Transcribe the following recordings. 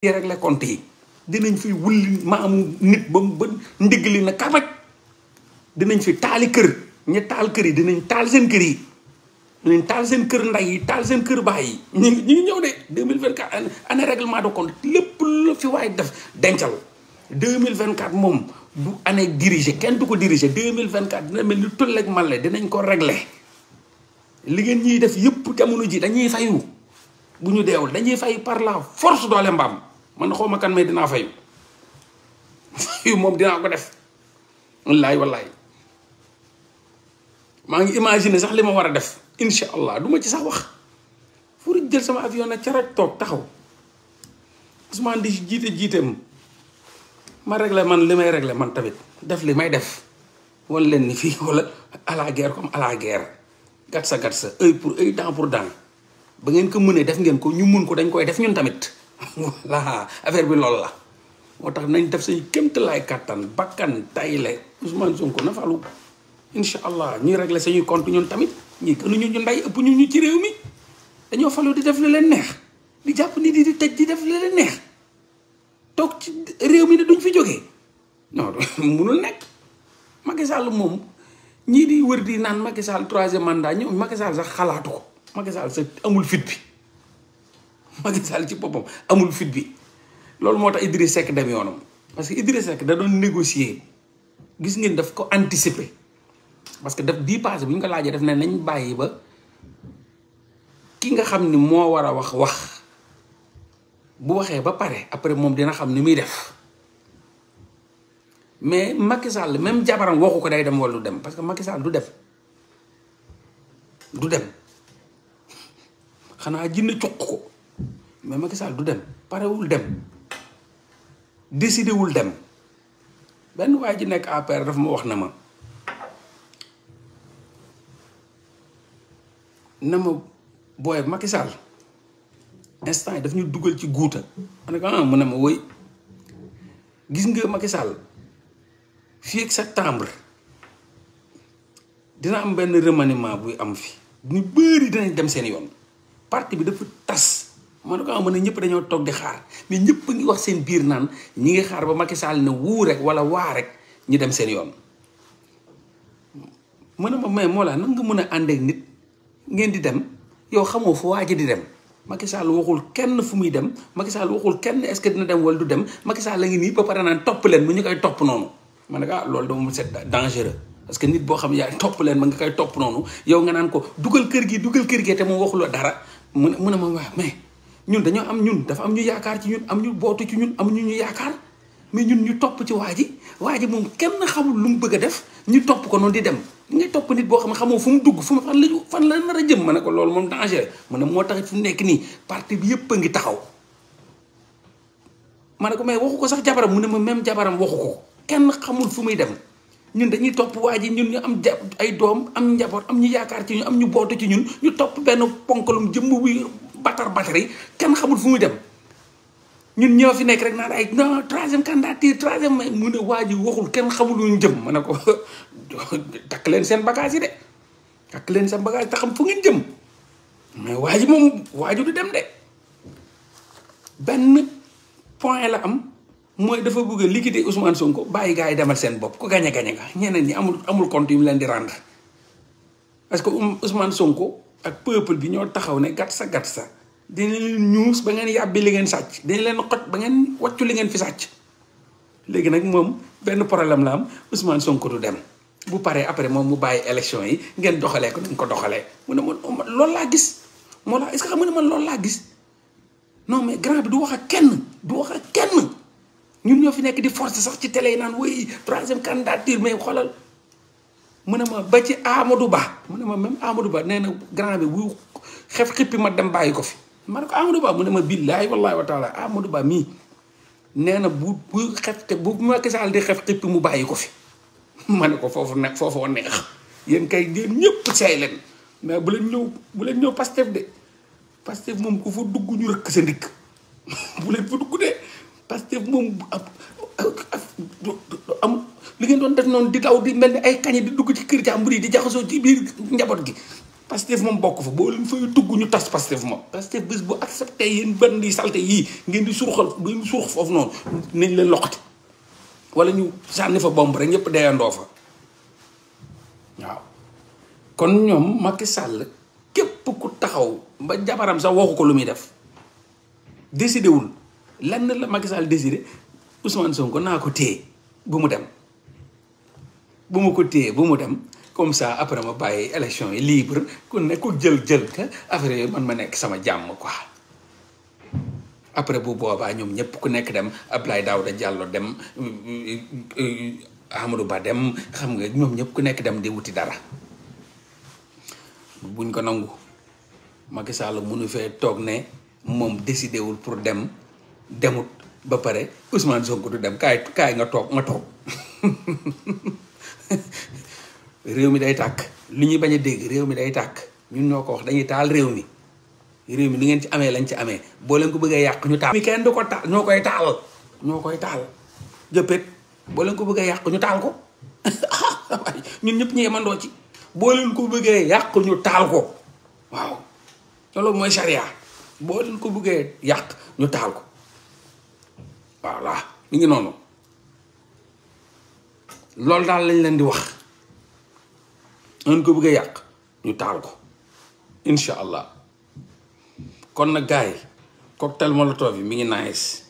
di régler compte yi dinañ fi wulli maamu nit ba mu ba ndigli na kabaj dinañ fi taali kër ñi taal kër yi dinañ taal seen kër yi dinañ taal seen kër nday yi taal seen kër baay yi ñu ngi ñu ngi ñëw de deux mille vingt quatre année règlement de lépp lu fi waaye def dencal mille vingt quatre moom du année dirigé kenn du ko dirigé deux mille vingt quatre dina mel ni tulleeg male dinañ ko régler li ngeen ñuy def yëpp jamono ji dañuy fayu bu ñu deewul dañuy fay par la force doole mbaam man xaw ma kan may dinaa fayu fayu moom dinaa ko def wallaay wallaay maa ngi imaginer sax li ma war a def incha allah duma ci sax wax pour jël sama avion na ca rek toog taxaw Ousmane di jiite jiiteem ma réglé man li may regle man tamit def li may def wan leen ni fii wala à la guerre comme à gat sa gat sa œil pour œil dent pour dent ba ngeen ko mënee def ngeen ko ñu mun ko dañ koy def ñun tamit voilà affaire bi loolu la moo tax nañ def say kéemtalaay kàttan bakkan tayle Ousmane Sonko na falu incha allah ñuy régler sañuy compte ñun tamit ñi gënuñu ñu ndey ëpp ñu ñu ci réew mi dañoo falu di def la leen neex di jàpp ni di di tëj di def lu leen neex toog ci réew mi ne duñ fi jóge non nekk Macky moom ñii di wër di naan Macky Sall troisième mandat ñoom Macky sax xalaatu ko Macky sa amul fit bi Macky Sall ci poppam amul fit bi loolu moo tax Idrissa Seck dem yoonam parce que Idrissa Seck da doon négocier gis ngeen daf ko anticiper parce que daf bii passé bu ñu ko laajee def ne nañ bàyyi ba ki nga xam ni moo war a wax wax bu waxee ba pare après moom dina xam ni muy def mais Macky Sall même jabaram waxu ko day dem wala du dem parce que Macky Sall du def du dem xanaa jinne cuq ko mais Macky Sall du dem parewul dem décidé wul dem benn waay ji nekk APR dafa ma wax na ma na ma booy Macky Sall instant yi daf ñu dugal ci guuta ma ne ko ah mu ne ma woy gis nga Macky Sall fii ak septembre dina am benn remaniement buy am fi ñu bëri dinañ dem seen yoon parti bi dafa tas ma ne ko ah ma ne ñëpp dañoo toog di xaar mais ñëpp ngi wax seen biir naan ñi ngi xaar ba Macky Sall ne wuu rek wala waa rek ñu dem seen yoon. ma ne ma mais moo la nan nga mën a ànd ak nit ngeen di dem yow xamoo fu waa ji di dem Macky Sall waxul kenn fu muy dem Macky Sall waxul kenn est-ce que dina dem wala du dem Macky Sall la ngi nii ba pare naan topp leen mu ñu koy topp noonu. ma ne ko ah loolu dama c'est dangereux parce que nit boo xam yaa topp leen ma nga koy topp noonu yow nga naan ko dugal kër gi dugal kër gi te waxuloo dara mu ne mu ne ma ñun dañoo am ñun dafa am ñu yaakaar ci ñun am ñu bootu ci ñun am ñu ñu yaakaar mais ñun ñu topp ci waa ji waa ji moom kenn xamul lu mu bëgg a def ñu topp ko noonu di dem ngay topp nit boo xam ne xamoo fu mu dugg fu mu fan la fan la nar a ma ne ko loolu moom danger ma ne moo tax fu nekk nii parti bi yëpp a ngi taxaw ma ne ko mais waxu ko sax jabaram mu ne ma même jabaram waxu ko kenn xamul fu muy dem ñun dañuy topp waa ji ñun ñu am ay doom am njaboot am ñu yaakaar ci ñun am ñu bootu ci ñun ñu topp benn ponkalum jëmm wi batar batar yi kenn xamul fu mu dem ñun ñoo fi nekk rek naan ay non troisième candidature troisième may mu ne waa ji waxul kenn xamul lu ñu jëm ma ne ko takk leen seen bagage yi de takk leen seen bagage te xam fu ngeen mais waa ji moom waa ji du dem de benn point la am mooy dafa bëgg a liquider Ousmane Sonko bàyyi gars yi demal seen bopp ku gañe gañe nga ñeneen ñi amul amul compte yu leen di rendre parce que Ousmane Sonko. ak peuple bi ñoo taxaw ne gàtt sa gàtt sa dina leen ñuus ba ngeen yàbbi li ngeen sàcc dina leen xoj ba ngeen wàccu li ngeen fi sàcc léegi nag moom benn problème la am Ousmane sonk du dem bu paree après moom mu bàyyi élection yi ngeen doxalee ko nañ ko doxalee mu ne man loolu laa gis moo la est-ce que xam nga ne man loolu laa gis non mais grand bi du wax a kenn du wax ak kenn ñun ñoo fi nekk di force sax ci télé yi naan woy troisième candidature mais xoolal mu ne ma ba ci Amadou mu ne ma même Amadou Ba nee na grand bi bu xef xippi ma dem bàyyi ko fi ma ne ko mu ne ma billaahi wallaahi wa taala Amadou Ba mii nee na bu bu xef bu Macky di xef xippi mu bàyyi ko fi ma ne ko foofu nekk foofoo neex yéen kay yéen ñëpp seey leen mais bu leen ñëw bu leen ñëw Pastef de Pastef moom ku fa dugg ñu rëkk sa ndigg bu leen fa dugg de Pastef moom am li ngeen doon def noonu di daw di mel ni ay kañe di dugg ci kër jàmbur yi di jaxasoo ci biir njaboot gi Pastef moom bokk fa boo leen fay dugg ñu tas Pastef moom Pastef bés bu accepté yéen salte yii ngeen di surxal bu ñu surx foofu noonu nañ leen loxati wala ñu sànni fa bomb rek ñëpp deyandoo waaw kon ñoom Macky Sall képp ku taxaw ba jabaram sax waxu ko lu muy def décidé wul lenn la Macky Sall décidé Ousmane ko naa ko téye bu mu dem bu ma ko téye bu mu dem comme ça après ma bàyyi élection yi libre ku ne ku jël jël ka affaire man ma nekk sama jàmm quoi. après bu boobaa ñoom ñëpp ku nekk dem daaw da jàlloo dem euh, euh, euh, Amadou Ba dem xam nga ñoom ñëpp ku nekk dem di wuti dara buñ ko nangu Macky Sall mënu fee toog ne moom décidé wul pour dem demut ba pare Ousmane Sonko du dem kaay kaay nga toog nga toog. réew mi day tàkk lu ñuy bañ a dégg réew mi day tàkk ñun ñoo ko wax dañuy taal réew mi réew mi li ngeen ci amee lañ ci amee boo leen ko bëggee yàq ñu taal mi kenn du ko taal ñoo koy taal ñoo koy taal jëppét boo leen ko bëggee yàq ñu taal ko waaye ñun ñëpp ñu yemandoo ci boo leen ko bëggee yàq ñu taal ko waaw loolu mooy charia boo leen ko bëggee yàq ñu taal ko voilà mi ngi noonu loolu daal lañ leen di wax un ko bëgg yàq ñu taal ko incha allah kon nag gars yi cocktail molotov yi mi ngi naa nice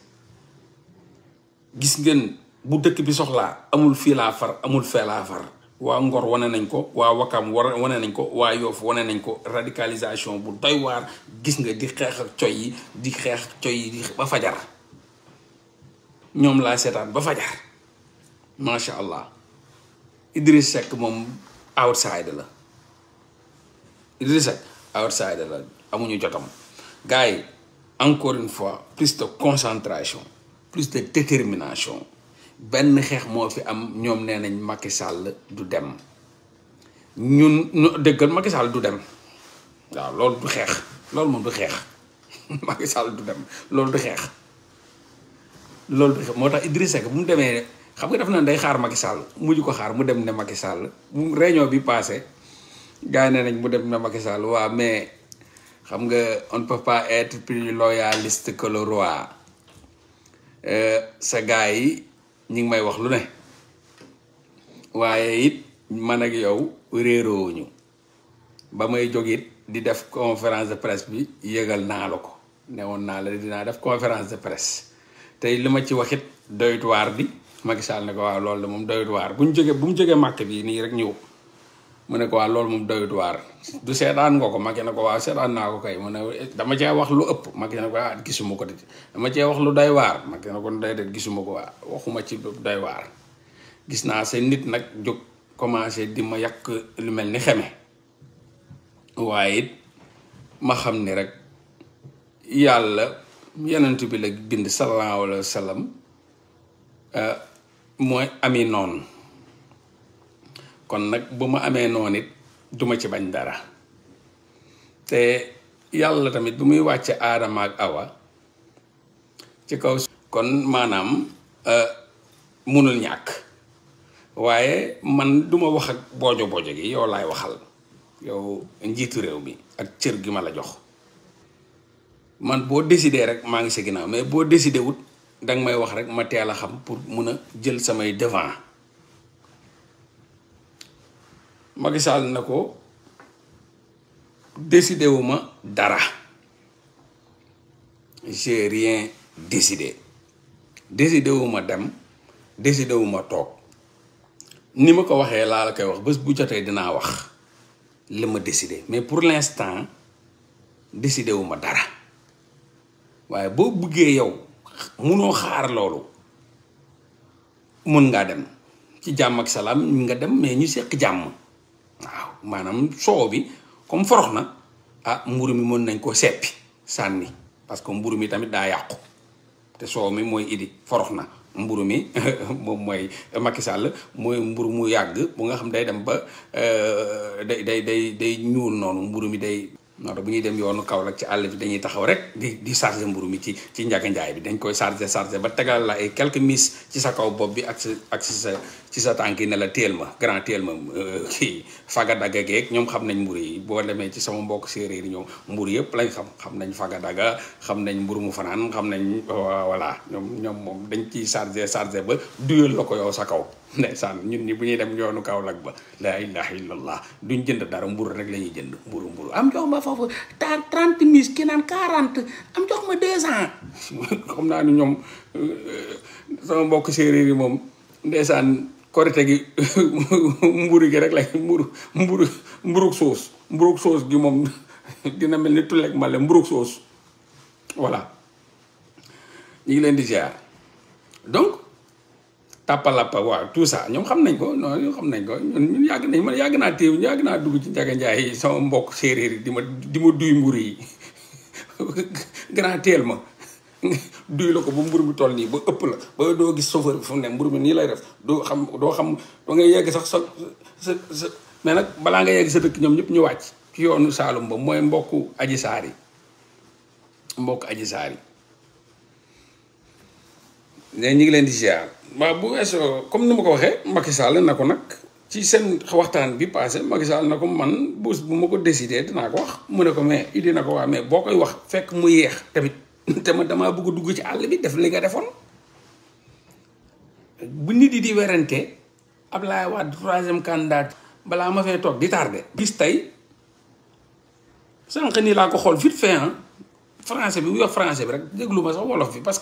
gis ngeen bu dëkk bi soxlaa amul fii laa far amul fee far waa Ngor wane nañ ko waa Wakam war wane nañ ko waa Yoff wane nañ ko radicalisation bu doy waar gis nga di xeex ak yi di xeex coy yi ba fajar ñoom laa seetaan ba fajar macha allah idris Seck moom outsider la Idriss Seck outsider la amuñu jotam gars yi encore une fois plus de concentration plus de détermination benn xeex moo fi am ñoom nee nañ Macky Sall du dem ñun ñu dëggal Macky Sall du dem waaw loolu du xeex loolu moom du xeex Macky Sall du dem loolu du xeex loolu du xeex moo tax Idriss Seck bu mu demee. xam nga def na day xaar Macky Sall mujj ko xaar mu dem ne Macky Sall mu réunion bi passé gars ne nañ mu dem ne Macky Sall waaw mais xam nga on peut pas être plus loyaliste que le roi euh, sa gars yi ñi ngi may wax lu ne waaye it man ak yow ñu ba may jóg it di def conférence de presse bi yëgal naa la ko ne woon naa la dinaa def conférence de presse tey li ma ci waxit doytuwaar bi Macky Sall ne ko waaw loolu de moom doyut waar bu ñu jógee bu mu jógee màkk bi nii rek ñëw mu ne ko waaw loolu moom doyut waar du seetaan nga ko Macky ne ko waaw seetaan naa ko kay mu ne dama cee wax lu ëpp Macky ne ko ah gisuma ko de dama cee wax lu doy waar Macky ne ko doy de gisuma ko waa waxuma ci lu doy waar gis naa seen nit nag jóg commencé di ma yàq lu mel ni xeme waaye it ma xam ni rek yàlla yenent bi la bind sallallahu alayhi wa sallam mooy ami noon kon nag bu ma amee noon it duma ci bañ dara te yàlla tamit bu muy wàcce aadama ak awa ci kaw kon maanaam euh, mënul ñàkk waaye man duma wax ak boojo boojo gi yow laay waxal yow njiitu réew mi ak cër gi ma la jox man boo décidé rek maa ngi sa ginnaaw mais boo décidé wut danga may wax rek ma teel a xam pour mun a jël samay devant Macky Sall na ko décidé ma dara j'ai rien décidé décidé ma dem décidé toog ni ma ko waxee laa la koy wax bés bu jotee dinaa wax li ma décidé mais pour l'instant décidé wu ma dara waaye boo buggee yow munoo xaar loolu mun ngaa dem ci jàmm ak salaam nga dem mais ñu seq jàmm waaw maanaam soow bi comme forox na ah mburu mi mën nañ koo seppi sànni parce que mburu mi tamit daa yàqu te soow mi mooy idi forox na mburu mi moom mooy Macky Sall mooy mburu mu yàgg bu nga xam day dem ba euh, day day day day ñuul noonu mburu mi day non bu ñuy dem yoonu kaw Kaolack ci àll bi dañuy taxaw rek di di chargé mburu mi ci ci njaga njaay bi dañ koy chargé chargé ba tegal la ay quelques miss ci sa kaw bopp bi ak sa ak sa ci sa tànk ne la teel ma grand teel ma euh, kii fagadaga geeg ñoom xam nañ mburu yi boo demee ci sama mbokk séeréer yi ñoom mburu yëpp lañ xam xam nañ fagadaga xam nañ mburu mu fanaan xam nañ voilà ñoom ñoom moom dañ ciy chargé chargé ba duyal la ko yow sa kaw ndeysaan ñun ñi bu ñuy dem yoonu Kaolack ba laa ilaha illallah duñ jënd dara mburu rek lañuy jënd mburu mburu am jox ma foofu tan trente mille ki naan quarante am jox ma deux cent xam naa ni ñoom euh, sama mbokk séeréer yi moom ndeysaan korite gi mburu gi rek lay mburu mburu mburug soos mburug soos gi moom dina mel ni tulleeg male mburug soos voilà ñu ngi leen di ziar tàppalappa waaw tout ça ñoom xam nañ ko non ñoom xam nañ ko ñun yàgg nañ man yàgg naa téew yàgg naa dugg ci njaga njaay yi sama mbokk séeréer yi di ma di ma duy mburu yi grand teel ma duy la ko ba mburu mi toll nii ba ëpp la ba doo gis chauffeur bi fu nii lay def doo xam doo xam doo ngay yegg sax sa sa sa mais nag balaa nga yegg sa dëkk ñoom ñëpp ñu wàcc ci yoonu Saalum ba mooy mbokku aji saar yi mbokk aji saar yi ñu ngi leen di ziar waaw bu weesoo comme ni ma ko waxee Macky na ko nag ci seen waxtaan bi passé Macky na ko man bés bu ma ko décidé dinaa ko wax mu ne ko mais idi na ko waa mais boo koy wax fekk mu yeex tamit te ma damaa bëgg dugg ci àll bi def li nga defoon bu nit yi di werante Ablaye Wade troisième candidat balaa ma fee toog di tardé. gis tey sanq nii laa ko xool vite fait français bi bu wax français bi rek déglu ma sax wolof bi parce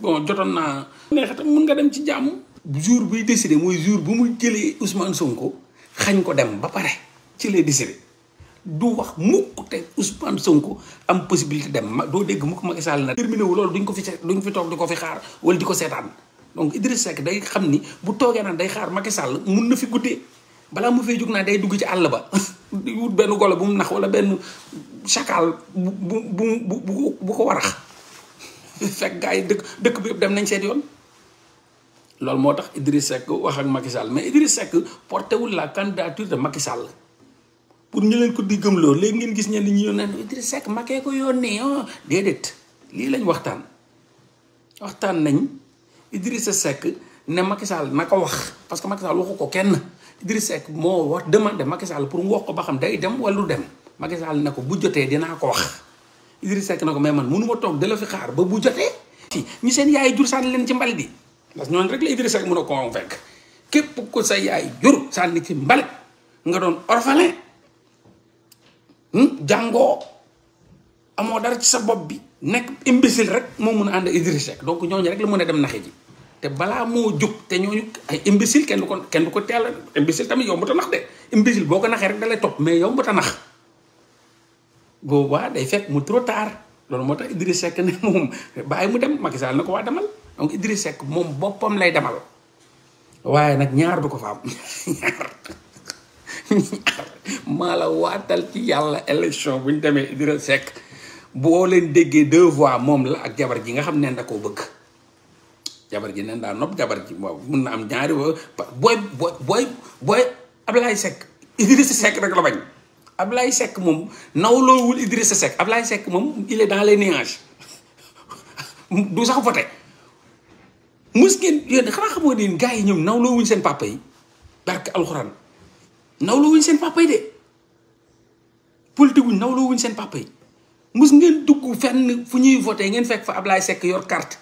bon jotoon naa. neex tam nga dem ci jàmm. jour buy décidé mooy jour bu muy jëlee Ousmane Sonko xañ ko dem ba pare ci lay décidé du wax mukk te Ousmane Sonko am possibilité dem ma doo dégg mukk Macky na. terminé wu loolu duñ ko fi duñ fi toog di ko fi xaar wala di ko seetaan donc Idrissa Seck day xam ni bu toogee naan day xaar Macky Sall mun na fi guddee balaa mu fee jóg naa day dugg ci àll ba wut benn golo bu mu nax wala benn chacal bu bu bu bu ko warax. fekk gars dëkk dëkk bi yëpp dem nañ seen yoon loolu moo tax Idriss Seck wax ak Macky Sall mais Idriss Seck porté wul la candidature de Macky Sall pour ñu leen ko di gëmloo léegi ngeen gis ñenn ñi ñu ne Idriss Seck Macky ko yónnee ah, déedéet lii lañ waxtaan waxtaan nañ Idriss Seck ne Macky Sall na ko wax parce que Macky waxu ko kenn Idriss Seck moo wax demandé Macky Sall pour mu ko ba xam day dem wallu dem Macky ne ko bu jotee dinaa ko wax. Idrissa Seck na ko mais man mënu ma toog dala fi xaar ba bu jotee. ñi seen yaay jur sànni leen ci mbalit bi parce que rek la Idrissa Seck mën a convaincre képp ko sa yaay jur sànni ci mbalit nga doon orphelin hmm? jàngoo amoo dara ci sa bopp bi nekk imbécile rek moo mun a ànd Idrissa Seck donc ñooñu rek la mën a dem naxe ji te balaa moo jóg te ñooñu ay imbécile kenn du ko kenn du ko teel imbécile tamit yomb ta nax de imbécile boo ko naxee rek dalay topp mais yomb ta nax boobaa day fekk mu trop tard loolu moo tax Idriss Seck ne moom bàyyi mu dem Macky Sall ko waa demal donc Idriss Seck moom boppam lay demal waaye nag ñaar bi ko fa am maa la waatal ci yàlla élection bu ñu demee Idriss Seck boo leen déggee deux voix moom la ak jabar ji nga xam ne da koo bëgg jabar ji nen daa nopp jabar ji waaw mun na am ñaari booy booy booy booy Ablaye Seck Idriss Seck rek la bañ ab lay sekk moom nawloowul Idrissa Seck Ablaye sekk moom il est dans les nuages du sax voté mus ngeen yéen xanaa xamoo ne gars yi ñoom wuñ seen papa yi barke alxuraan nawloowuñ seen papa yi de politique wuñ seen papa yi mus ngeen dugg fenn fu ñuy voté ngeen fekk fa Ablaye sekk yor carte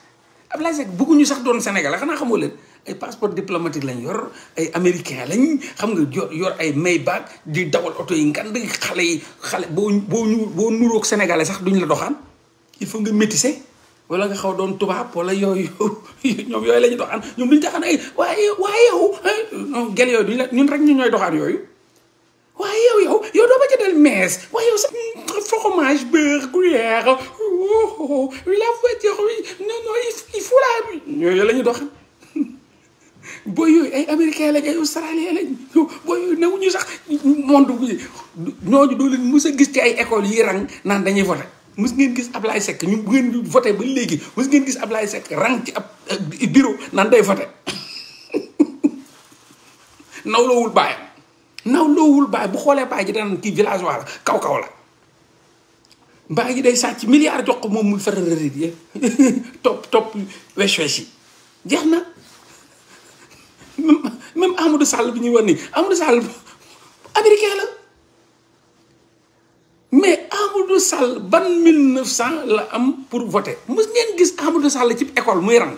Ablaye Seck bëgguñu sax doon Sénégal xanaa xamoo leen. ay passeport diplomatique lañ yor ay américain lañu xam nga yor yor ay Maybach di dawal oto yi ngand xale yi xale boo boo ñu boo nuroog sénégalais sax duñ la doxaan il faut nga métissé wala nga xaw doon tubaab wala yooyu ñoom yooyu ñoom duñ doxaan ay waaye waaye yow non gel yooyu duñ ñun rek ñu ñooy doxaan yooyu waaye yow yow yow doo ma jëndal mees waaye yow sax fromage oh, oh, oh, la voiture non doxaan booy yooyu ay américain lañ ay australien lañ booy yooyu newuñu sax monde bi ñooñu doo leen mës a gis ci ay école yi rang naan dañuy voté mës ngeen gis Ablaye Seck ñu bu ngeen voté ba léegi mës ngeen gis Ablaye Seck rang ci ab bureau naan day voté nawloowul baayam nawloowul baay bu xoolee baay ji danaan kii village waa la kaw kaw la baay ji day sàcc milliard jox ko moom muy faral di topp topp wesh wesh yi jeex na. même Amadou Sall bu ñuy wax nii Amadou Sall américain la mais Amadou ban mille neuf cent la am pour voter mos ngeen gis Amadou Sall cib école muy rang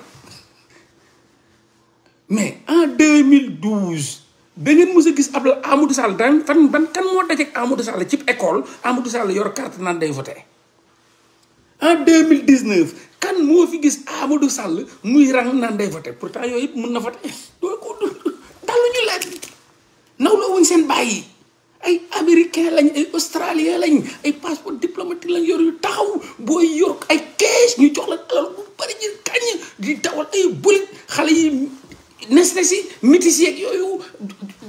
mais en 2012 da ngeen mos a gis ab Amadou Sall daan fan ban kan ci école Amadou Sall yor carte naan day voter en 2019 kan moo fi gis Amadou Sall muy rang naan day voter pourtant yooyu mun mën na voter nawloo wuñ seen bàyyi ay américain lañ ay australien lañ ay passeport diplomatique lañ yor yu taxaw booy yor ay kees ñu jox la alal bu bari ñu kañ di dawal ay bulit xale yi nes ne si métis yeeg yooyu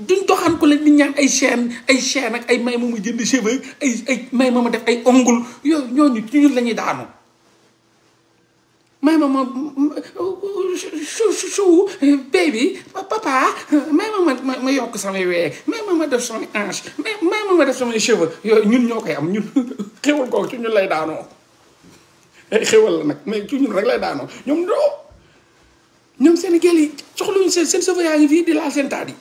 duñ doxaan ko lañ di ñaan ay chaîne ay chaîne ak ay may moom mu jënd cheveux ay may ma ma def ay ongul yooyu ñoo ci ñun la ñuy daanu may ma ma chouchou baby papa may ma ma ma yokk samay wee may ma ma def samay hanche may ma ma def samay cheveux yooyu ñun ñoo koy am ñun xéwal kooku ci ñun lay daanoo eh, xéwal la nag mais ci ñun rek lay daanoo ñoom doo ñoom Sénégal yi soxluñu seen seen cheveux yaa ngi fii di laal seen taat yi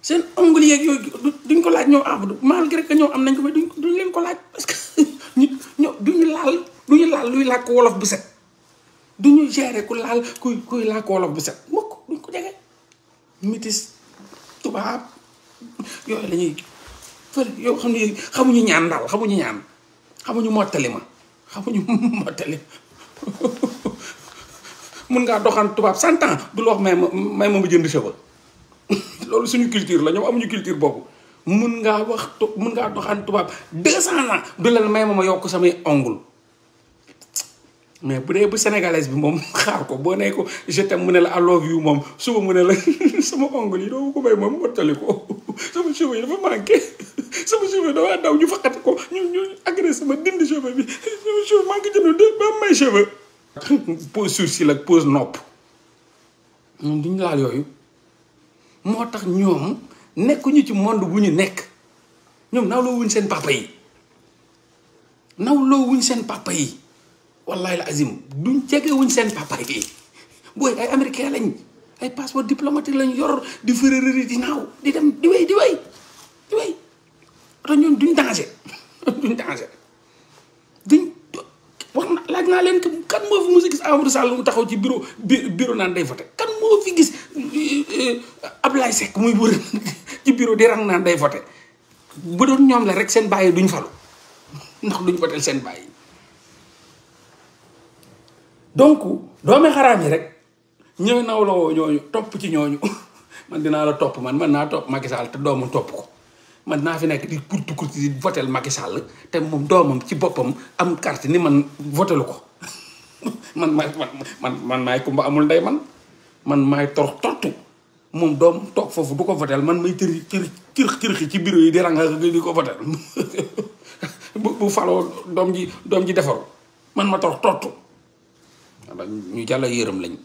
seen ongle yeeg yooyu duñ ko laaj ñoo am malgré que ñoo am nañ ko mais duñ duñ leen ko laaj parce que ñu ñoo duñu laal duñu laal luy làkk wolof bu set du ñu gérer ku laal kuy kuy làkk wolof bu set mukk duñ ko jege métis tubaab yooyu la ñuy yoo xam ni xamuñu ñaan daal xamuñu ñaan xamuñu mottali ma xamuñu mottali mun ngaa doxaan tubaab cent ans du la wax may ma may ma jënd cheveux loolu suñu culture la ñoom amuñu culture boobu mun ngaa wax mun ngaa doxaan tubaab deux cent ans du la may ma ma yokk samay ongul mais bu dee bu sénégalaise bi moom xaar ko boo nee ko je mu ne la I love you moom suba mu ne la sama ongle yi doo ko béy moom mottali ko sama cheveux yi dafa manqué sama cheveux dafa daw ñu faqati ko ñu ñu agressé ma dindi cheveux bi sama cheveux manqué jëndu de ba may cheveux pose sourcil ak pose nopp ñoom laal yooyu moo tax ñoom nekkuñu ci monde wu ñu nekk ñoom nawloo wuñ seen papa yi nawloo wuñ seen papa yi wallahi la azim duñ jege seen papa yi booy ay américain lañ ay passeport diplomatique lañ yor di fërërëri di naaw di dem di wéy di wéy di wéy te ñun duñ danger duñ danger duñ wax na laaj naa leen a gis Amadou taxaw ci bureau bureau naan day voté kan moo fi gis euh, muy wër ci bureau di rang naan day voté bu doon ñoom la rek seen bàyyi duñ falu ndax duñ voté seen bàyyi donc doomi xaraam yi rek ñooy nawloo ñooñu topp ci ñooñu man dinaa la topp man man naa topp Macky Sall te doomam topp ko man naa fi nekk di kurti kurti di votel Macky Sall te ci boppam am carte ni man votelu ko man maay man man maay kumba amul ndey man man maay torox tortu moom doom toog foofu du ko votel man may tëri cër cër cërxi ci bureau yi di ranga di ko votel bu faloo doom ji doom ji defaru man ma torox tortu ñu jàlla yërëm lañ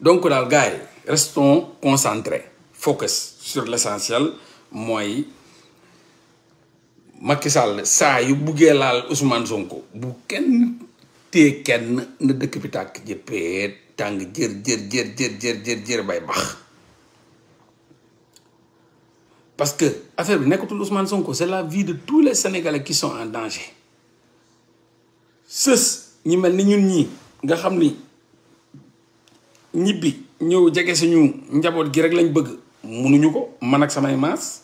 donc daal gars yi restons concentrés focus sur l' essentiel mooy Macky Sall saa yu buggee laal Ousmane Sonko bu kenn tee kenn na dëkk bi tàkk jëppee tàng jër jër jër jër bay bax parce que affaire bi nekkatul Ousmane Sonko c' est la vie de tous les Sénégalais qui sont en danger sës ñi mel ni ñun ñii nga xam ni ñibbi ñëw jege suñu njaboot gi rek lañ bëgg mënuñu ko man ak samay maas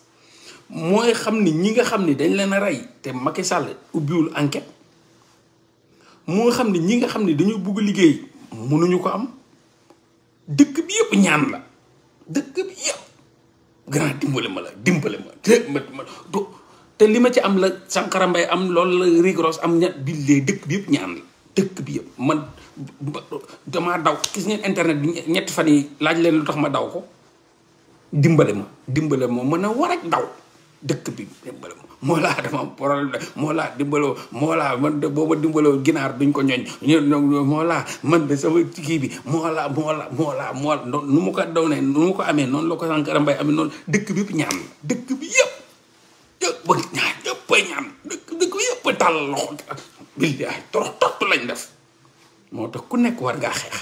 mooy xam ni ñi nga xam ni dañ leen rey te Macky Sall ubbiwul enquête moo xam ni ñi nga xam ni dañu bugg liggéey mënuñu ko am dëkk bi yëpp ñaan la dëkk bi yëpp grand dimbale ma la dimbale ma te li ma ci am la Sankara Mbaye am lool la Rigros am ña bi dëkk bi yëpp ñaan la dëkk bi yëpp man damaa daw gis ngeen internet bi ñetti fan yi laaj leen lu tax ma daw ko dimbale ma dimbale ma mën a war ak daw dëkk bi dimbale ma moo laa dama am moo laa dimbaloo moo laa man de boo ma dimbaloo ginaar duñ ko ñooñ ñoom moo laa kii bi moo laa moo laa moo laa moo laa nu mu ko daw ne nu mu ko amee noonu loo ko Sankara Mbaye amee noonu dëkk bi yëpp ñaan dëkk bi yëpp yëpp ñaan yëpp a ñaan dëkk a tàll loxo lañ def moo tax ku nekk war ngaa xeex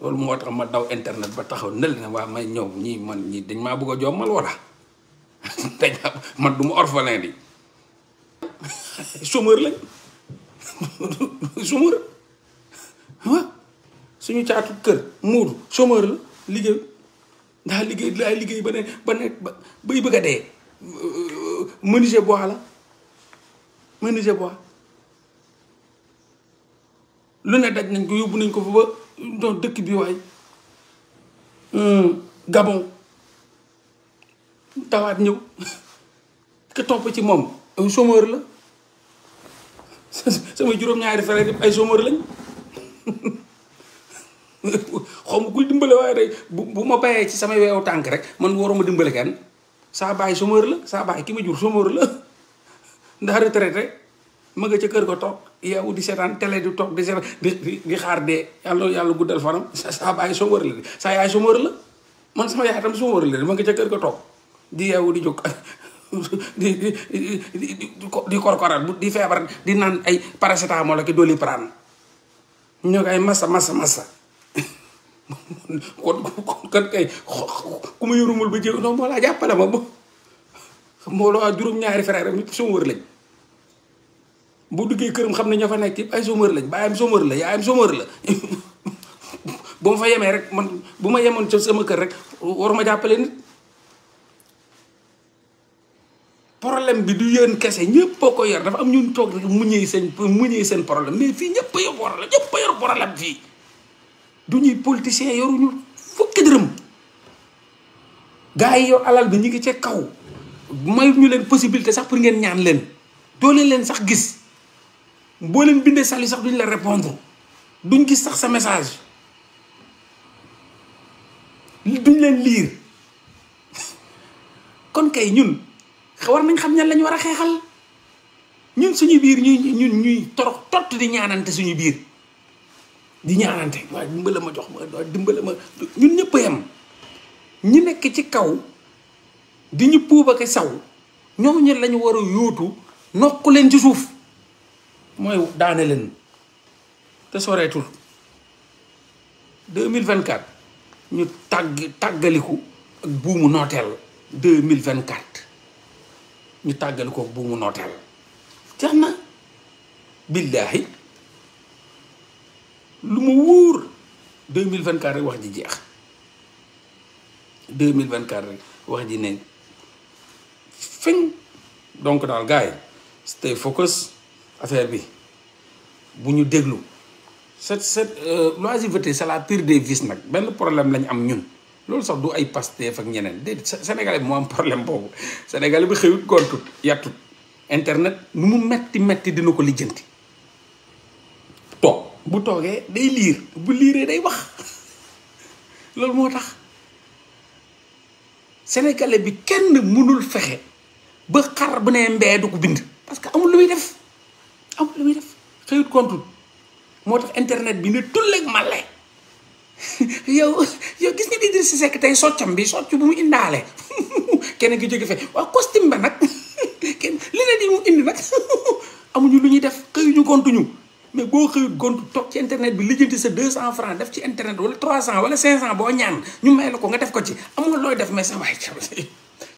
loolu moo tax ma daw internet ba taxaw nel may ñëw ñii man ñii dañ bëgg a jommal wala dañ man du ma orphelin di lañ chômeur suñu caatu kër muur chômeur la liggéey daa liggéey daa liggéey ba ne ba ne bay bëgg a dee menuisier bois la menuisier bois lu ne daj nañ ko yóbbu nañ ko fa ba doon dëkk bi waay hmm, Gabon tawaat ñëw ka topp ci moom un chômeur la sama juróom-ñaari frère yëpp ay chômeur lañ xaw ma kuy dimbale waaye rek bu bu ma bayee ci samay weewu tànk rek man waruma dimbale kenn saa baay chômeur la saa baay ki ma jur chômeur la ndax retraité ma nga ca kër ga toog yow di seetaan télé di toog di seetaan di xaar dee yàlla yàlla guddal fanam saa baay chômeur la de saa yaay chômeur la man sama yaay tam chômeur la de ma nga ca kër ga toog di yow di jóg di di di korkoral di feebar di naan ay paracétamol ak i doliprane ñu ko ay massa massa massa kon kon kay ku ma yorumul ba jéem non Mawla jàppale ma Mawla waa juróom-ñaari frère am yëpp chômeur lañ boo duggee këram xam ne ña fa nekk yëpp ay chômeur lañ baayam chômeur la yaayam chômeur la bu fa yemee rek man bu ma yemoon ca sama kër rek waruma jàppale nit. problème bi du yéen kese ñëpp a ko yor dafa am ñun toog rek muñee seen muñee seen problème mais fii ñëpp a yor problème ñëpp a yor fii. du ñuy politiciens yoruñu fukki dërëm gars yi yow alal bi ñu ngi ci kaw may ñu leen possibilité sax pour ngeen ñaan leen doo leen leen sax gis boo leen bindee sali sax duñ la répondre duñ gis sax sa message duñ leen liir kon kay ñun war nañ xam ñan lañ war a xeexal ñun suñu biir ñuy ñun ñuy torox tott di ñaanante suñu biir di ñaanante waaye dimbala ma jox ma waaye dimbala ma ñun ñëpp yem ñi nekk ci kaw di ñu puubake saw ñoom ñi lañu war a yóotu nokk leen ci suuf mooy daane leen te soreetul 2024 ñu tàgg tàggaliku ak buumu nooteel 2024 ñu tàggaliku ak buumu nooteel jeex na billaahi lu mu wóor 2024 rek wax ji jeex 2024 rek wax ji ne fiñ donc daal gars yi stay focus affaire bi bu ñu déglu cette cette euh, l'oisiveté c'est la pire des vices nag benn problème lañ am ñun loolu sax du ay Pastef ak ñeneen déedéet Sénégalais bi moo am problème boobu Sénégalais bi xëyut gontut yattut internet nu mu metti metti dina ko lijjanti bu toogee day liir bu liiree day wax loolu moo tax sénégalais bi kenn mënul fexe ba xar bu ne mbee du ko bind parce que amul lu muy def amul lu muy def xëyut kontul moo tax internet bi ne tulleeg male yow yow gis nga si sekk tey soccam bi socc bu mu indaale keneen ki jóge fe waaw costume ba nag kenn li ne di mu indi nag amuñu lu ñuy def xëyuñu kontuñu mais boo xëyut gont toog ci internet bi lijjanti sa 200 francs def ci internet wala 300 wala 500 boo ñaan ñu may la ko nga def ko ci amoo looy def mais sa waay